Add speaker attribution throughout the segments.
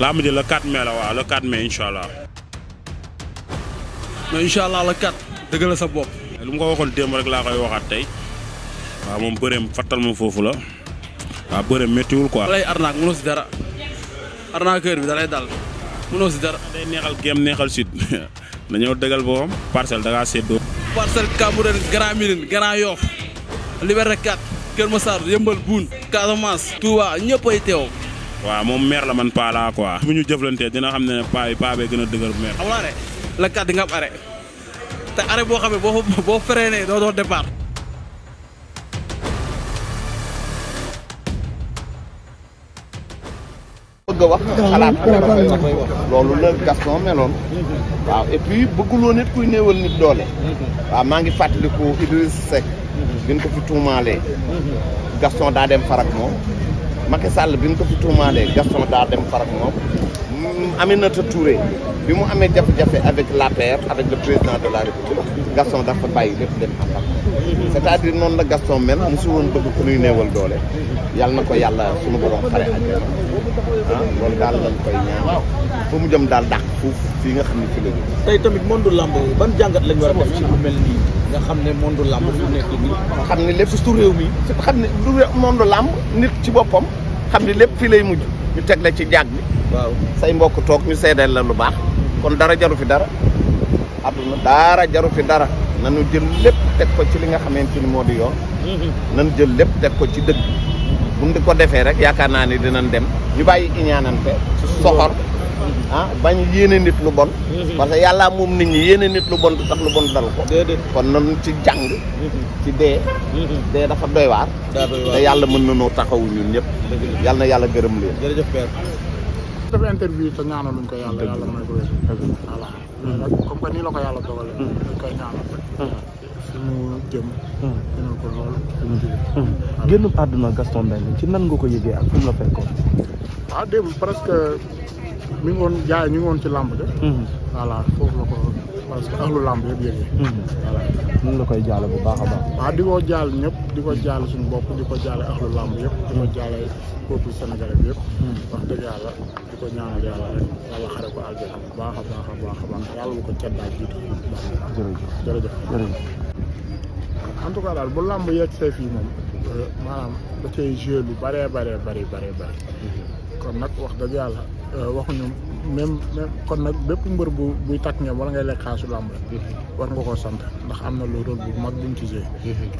Speaker 1: làmb ji le 4 mai la waaw le 4 mai incha allah. mais incha allah le 4 dëgg la sa bopp. lu mu ko waxoon démb rek laa koy waxaat tey waaw moom bëreem fàttal ma foofu la waaw bëreem méttiwul quoi. lay arnaque bi da lay dal mënoo si dara. day neexal géem neexal sud dañoo dëggal boppam parcelle da ngaa séddoo. parcelle Cambérène Grand Médine Grand Liberté 4 Kër Massar Yëmbal Boune Casamance. Touba ñëpp teew. waaw moom maire la man paa laa quoi. ñu jëflantee dina xam ne paa yi paa gën a dëgër maire. amul arrêt la kat di nga am arrêt te arrêt boo xam ne boo boo freiné doo départ.
Speaker 2: a wax loolu la Gaston meloon waaw et puis bëgguloo nit kuy néewal nit doole waaw maa ngi fàttaliku Idriss Seck bi ñu ko fi tuumaalee Gaston daa dem farak moom Macky Sall bi mu ko fi tuumaalee Gaston daa dem farak moom Mm, Aminata Touré bi mu amee jafe-jafe avec l'APR avec le président de la République Gaston dafa bàyyi lépp dem àndal c'est-à-dire noonu la Gaston mel mosu woon bëgg ku ñuy neewal doole yàlla na ko yàlla suñu borom xare àjjana
Speaker 3: ah loolu daal lañ koy ñaan fa
Speaker 2: mu jëm daal dàq fi nga xam ne fi la ñu tey tamit monde làmb ban jàngat lañ war a ci lu nga xam ne monde làmb fu nekk nii xam ne lépp surtout réew mi xam ne monde làmb nit ci boppam xam ne lépp fii lay mujj ñu teg la ci jàgg bi waaw say mbokk toog ñu seedeel la lu baax kon dara jaru fi dara àdduna dara jaru fi dara nanu jël lépp teg ko ci li nga xamante ni moo di yoon mhm. nanu jël lépp teg ko ci dëgg buñ di ko defee rek yaakaar naa ni dinañ dem ñu bàyyi iñaanante soxor ah bañ yéene nit lu bon mhm. parce que yàlla moom nit ñi yéene nit lu bon tax lu bon dal ko kon nanu ci jàng mhm. ci dee dee dafa doy waar te yàlla mën na noo taxawu ñun ñëpp yàlla na yàlla gërëm leen jërëjëf
Speaker 4: def def interview te ñaanaluñ ko yàlla yàlla may ko wér voilà nag que nii la ko yàlla dogalee mm. dañ koy ñaanal rek mm. jëm mm.
Speaker 5: lool génn àdduna Gaston Mbengue ci nan nga ko yëgee ak fu mu la fekkoon
Speaker 4: waaw ah, démb presque mi ngi woon jaay ñu ci làmb de voilà foofu la ko parce que ko lu làmb yëpp yëgee mm-hmm. voilà ñu la koy jaale bu baax a baax waaw di ko jaal ñëpp di ko jaal suñu bopp di ko jaale axlu làmb yëpp di ko jaale peuple sénégalais bi mm-hmm. yàlla di ko ñaanal yàlla rek yàlla xare ko aljana bu baax a baax a baax a baax yàlla bu ko caddaay jiitu jërëjëf jërëjëf jërëjëf en tout cas daal bu làmb yegg see a moom euh, maanaam da cay joué lu bëree bëree bëri kon nag wax dëgg yàlla euh, waxuñu même même kon nag bépp mbër bu buy takk ñoom wala ngay lekk xaasu làmb rek war nga koo sant ndax am na loolu rôle bu mag buñ ci joué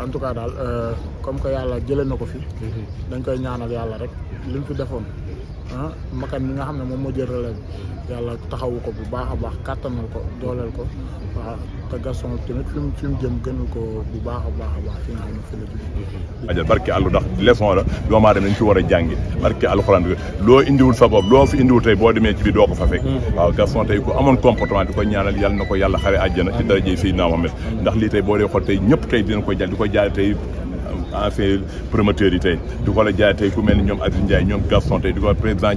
Speaker 4: en tout cas daal euh, comme que yàlla jële na ko fi mhm. dañ koy ñaanal yàlla rek liñ fi defoon ah makan mi nga xam ne moom moo jël relève yàlla taxawu ko bu baax a baax kàttanal ko dooleel ko waaw te Gaston tamit fi mu fi mu jëm gënal bu baax a baax a baax fi nga xam ne fi la
Speaker 1: jëm. ajal barke àllu a jàngi barke loo indiwul sa bopp loo fi indiwul tey boo demee ci biir doo ko fa fekk hmm. waaw Gaston tey ku amoon comportement di ko ñaanal yàlla na ko yàlla xare àjjana ci darajey Seydina Mohamed ndax lii tey boo dee xool tey ñëpp tey dina ko jàll di ko jaay tey ancien promoteur yi tey du ko la jaay tey ku mel ni ñoom Aziz Ndiaye ñoom Gaston tey di ko président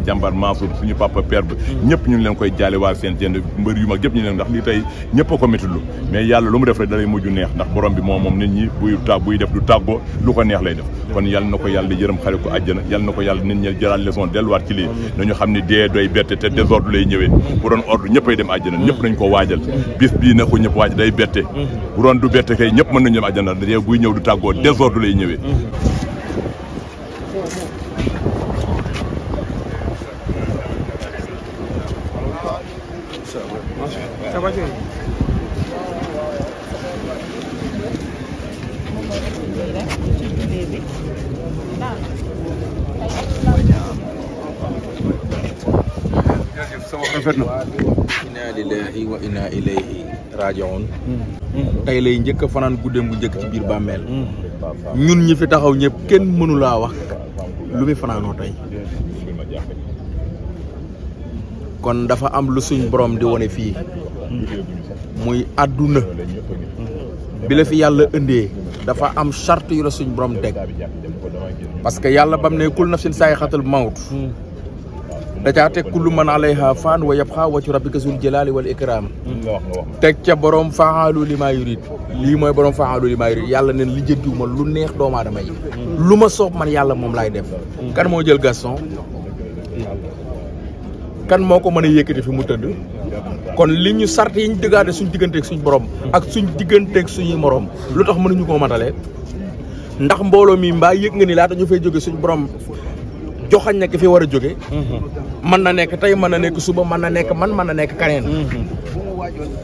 Speaker 1: ndax lii tey ñëpp a ko métitlu mais yàlla lu mu def rek dalay mujj neex ndax borom bi moom moom nit ñi buy ta buy def na ko xam ne dee doy bette te désordre lay ñëwee bu ordre ñëppay dem àjjana ñëpp nañ ko waajal bis bii na ko ñëpp waaj day bette bu du bette kay ñëpp mën nañu dem àjjana dee buy ñëw du tàggoo désordre lay ñëw ñëwee.
Speaker 5: jërëjëf sama rafet na lillahi wa inna hmm.
Speaker 3: Hmm.
Speaker 5: tey lay njëkk a fanaan guddeem bu njëkk ci biir bàmmeel hmm. ñun ñi fi taxaw ñëpp kenn mënu wax lu muy fanaanoo tey kon dafa am lu suñ boroom di wone fii muy àdduna bi la fi yàlla indee dafa am charte yu la suñ borom teg parce que yàlla bam ne kul nafsin saay xatal mawt da caa teg kullu man alayha faan wa yabqa waccu rabbika zul jalaali wal ikraam mm, teg ca borom faalu li maa lii mooy borom faalu li yàlla neen lijjantiwu ma lu neex doomu aadama yi mm. lu ma soob man yàlla moom laay def mm. kan moo jël Gaston kan moo ko mën a yëkkati fi mu tëdd kon li ñu sart yi ñu dëggaate suñ digganteeg suñ borom ak suñ digganteeg suñu moroom lu tax mënuñu koo matale ndax mbooloo mi mbaa yëg nga ni laata ñu fay jóge suñ borom joxañ na ki fi war a jóge
Speaker 4: mhm.
Speaker 5: mën na nekk tey mën na nekk suba mën na nekk man mën na nekk kaneen mhm.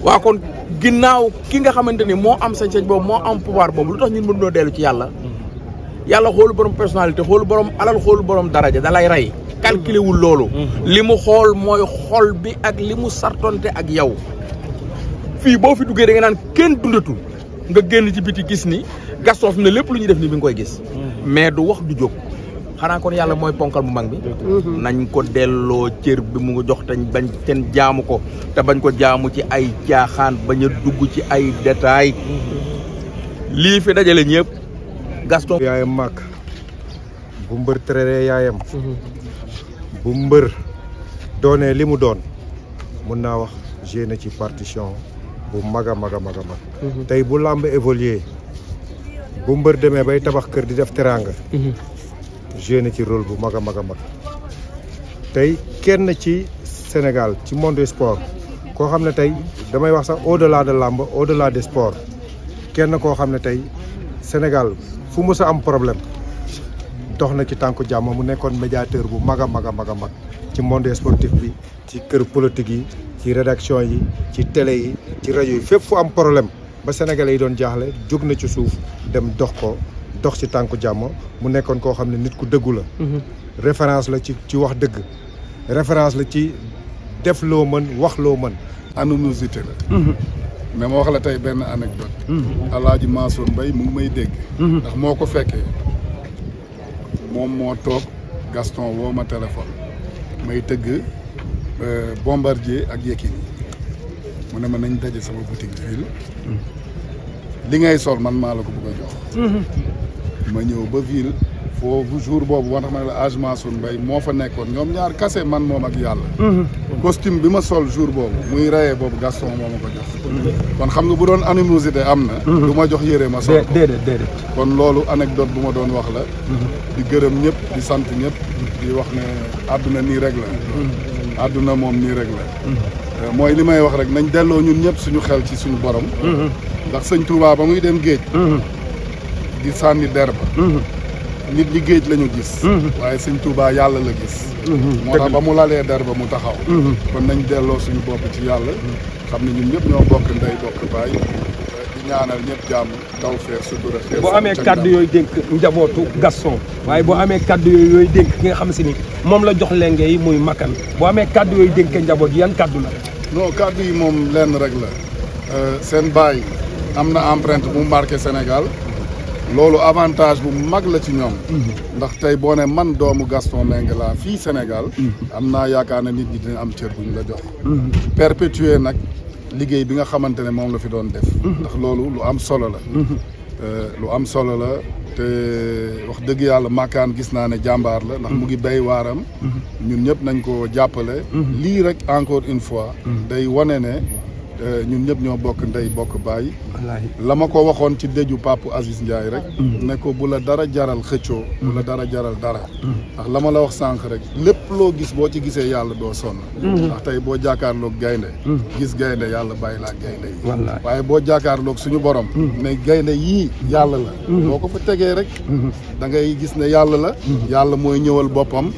Speaker 5: waaw kon ginnaaw ki nga xamante ni moo am sañ-sañ boobu moo am pouvoir boobu lu tax ñun mënunoo dellu ci yàlla mhm. yàlla xoolu borom personnalité xoolu borom alal xoolu borom daraja dalay lay rey calculé wul loolu li mu xool mooy xool bi ak li mu sartonte ak yow fii boo fi duggee da naan kenn dundatul nga génn ci biti gis ni Gaston fi lépp lu ñuy def ni bi nga koy gis mais du wax du xanaa kon yàlla mooy ponkal mu mag bi mhm. nañ ko delloo cër bi mu jox tañ bañ ten jaamu ko te bañ ko jaamu ci ay caaxaan bañ a dugg ci ay détails mhm. lii fi dajale ñëpp Gaston yaayam màgg bu mbër tëree yaayam mhm. bu mbër doonee li mu doon mun naa wax gé ci partition bu mag a mag a mag a mag tey bu làmb évolué bu mbër demee bay tabax kër di def teraanga joué na ci rôle bu mag a mag a mag tey kenn ci Sénégal ci monde sport koo xam ne tey damay wax sax au la de làmb au delà des sports kenn koo xam ne tey Sénégal fu mu sa am problème dox na ci tànku jàmm mu nekkoon médiateur bu mag a mag a mag a mag ci monde sportif bi ci kër politique yi ci rédaction yi ci télé yi ci rajo yi fépp fu am problème ba sénégalais yi doon jaaxle jóg na ci suuf dem dox ko dox ci tànku jàmm mu nekkoon koo xam ne nit ku dëggu la mhm. référence la ci ci wax dëgg
Speaker 3: référence la ci def loo mën wax loo mën anonymité la mhm. mais ma wax la tey benn anecdote mhm. alaaji Mansour Mbaye mu ngi may dégg ndax moo ko fekkee moom moo toog Gaston woo ma téléphone may tëgg euh, Bombardier ak Yékini mu ne ma nañ daje sama boutique ville li ngay sol man maa la ko bëgg a jox ma ñëw ba ville foofu jour boobu moo tax ma ne la âge Mansour Mbaye moo fa nekkoon ñoom ñaar kase man moom ak yàlla. Mhm. costume bi ma sol jour boobu. muy rayé boobu Gaston moo ma ko jox. kon xam nga bu doon animosité am na. Mhm. du ma jox yére ma sol ko déedéet déedéet. kon loolu anecdote bu ma doon wax la. Mhm. di gërëm ñëpp di sant ñëpp. di wax ne àdduna nii rek la. àdduna moom nii rek euh, mooy li may wax rek nañ delloo ñun ñëpp suñu xel ci suñu borom. ndax sëñ Touba ba muy dem géej. di sànni der mhm. nit ñi géej lañu ñu gis mhm. waaye suñ Touba yàlla la gis mhm. moo tax ba mu lalee der ba mu taxaw kon nañ delloo suñu bopp ci yàlla xam ne ñun ñëpp ñoo bokk ndey bokk baay di ñaanal ñëpp jàmm taw feex sutura xeex boo amee kaddu yooyu
Speaker 5: dénk njabootu Gaston waaye boo amee kaddu yooyu yooyu dénk ki nga xam si ni moom la jox lenge yi
Speaker 3: muy makkan boo amee
Speaker 5: kaddu yooyu dénk njaboot yan kàddu la
Speaker 3: non kaddu yi moom lenn rek la euh, seen baay am na empreinte mu marqué Sénégal loolu avantage bu mag la ci ñoom. Mhm. ndax tey boo ne man doomu Gaston Mbengue laa fii Sénégal. Mhm. am naa yaakaar na nit ñi dina am cër bu ñu la jox. Mhm. perpétuer nag liggéey bi nga xamante ne moom la fi doon def. ndax loolu lu am solo la. Euh, lu am solo la te wax dëgg yàlla màkkaan gis naa ne jàmbaar la ndax mu ngi béy waaram ñun ñëpp nañ ko jàppale lii rek encore une fois day wane ne Euh, ñun ñëpp ñoo bokk ndey bokk baay. la ma ko waxoon ci déju Pape Aziz Ndiaye rek. Mm. Mm. ne ko bu la dara jaral xëccoo. bu la mm. dara jaral dara. ndax la ma la wax sànq rek lépp loo gis boo ci gisee yàlla doo sonn. ndax tey boo jàkkaarloog gaynde gis gaynde yàlla bàyyi laa gaynde yi. waaye boo jàkkaarloog suñu borom. ne gaynde yii yàlla la. boo ko fa tegee rek. dangay gis ne yàlla la. yàlla mooy ñëwal boppam.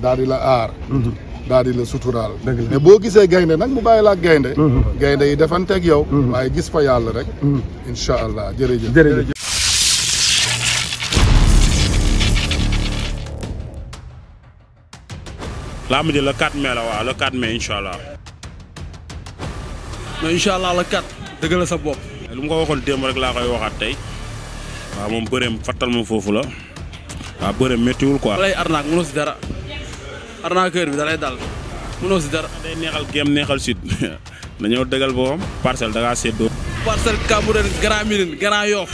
Speaker 3: daal di la aar. daal di la suturaal mais boo gisee gaynde nag mu bàyyi laa gaynde mhm. gaynde yi defanteeg yow mhm. waaye gis fa yàlla rek mhm. incha allah jërëjëf jërëjëf
Speaker 1: laa mujj le 4 mai la waaw le 4 mai incha allah. mais incha allah le 4. dëgg la sa bopp. lu mu ko waxoon démb rek laa koy waxaat tey. waaw moom bëreem fattal ma foofu la. waaw bëreem méttiwul quoi. lay arnaque mënoo si dara. arnaqueur bi da lay dal mënoo si dara. day neexal géem neexal sud dañoo dëgal boppam parcelle da ngaa séddoo. parcelle Cambérène Grand Médine Grand Yoff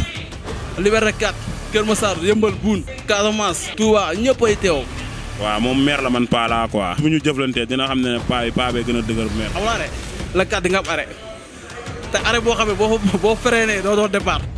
Speaker 1: Liberté 4 Kër Massar Yëmbal Boune Casamance Touba ñëpp ay teew. waaw moom maire la man paa laa quoi. bu ñu jëflantee dina xam ne paa yi paa bee gën a dëgër maire. amul arrêt la kat nga am
Speaker 5: te arrêt boo xam ne boo boo doo doo départ.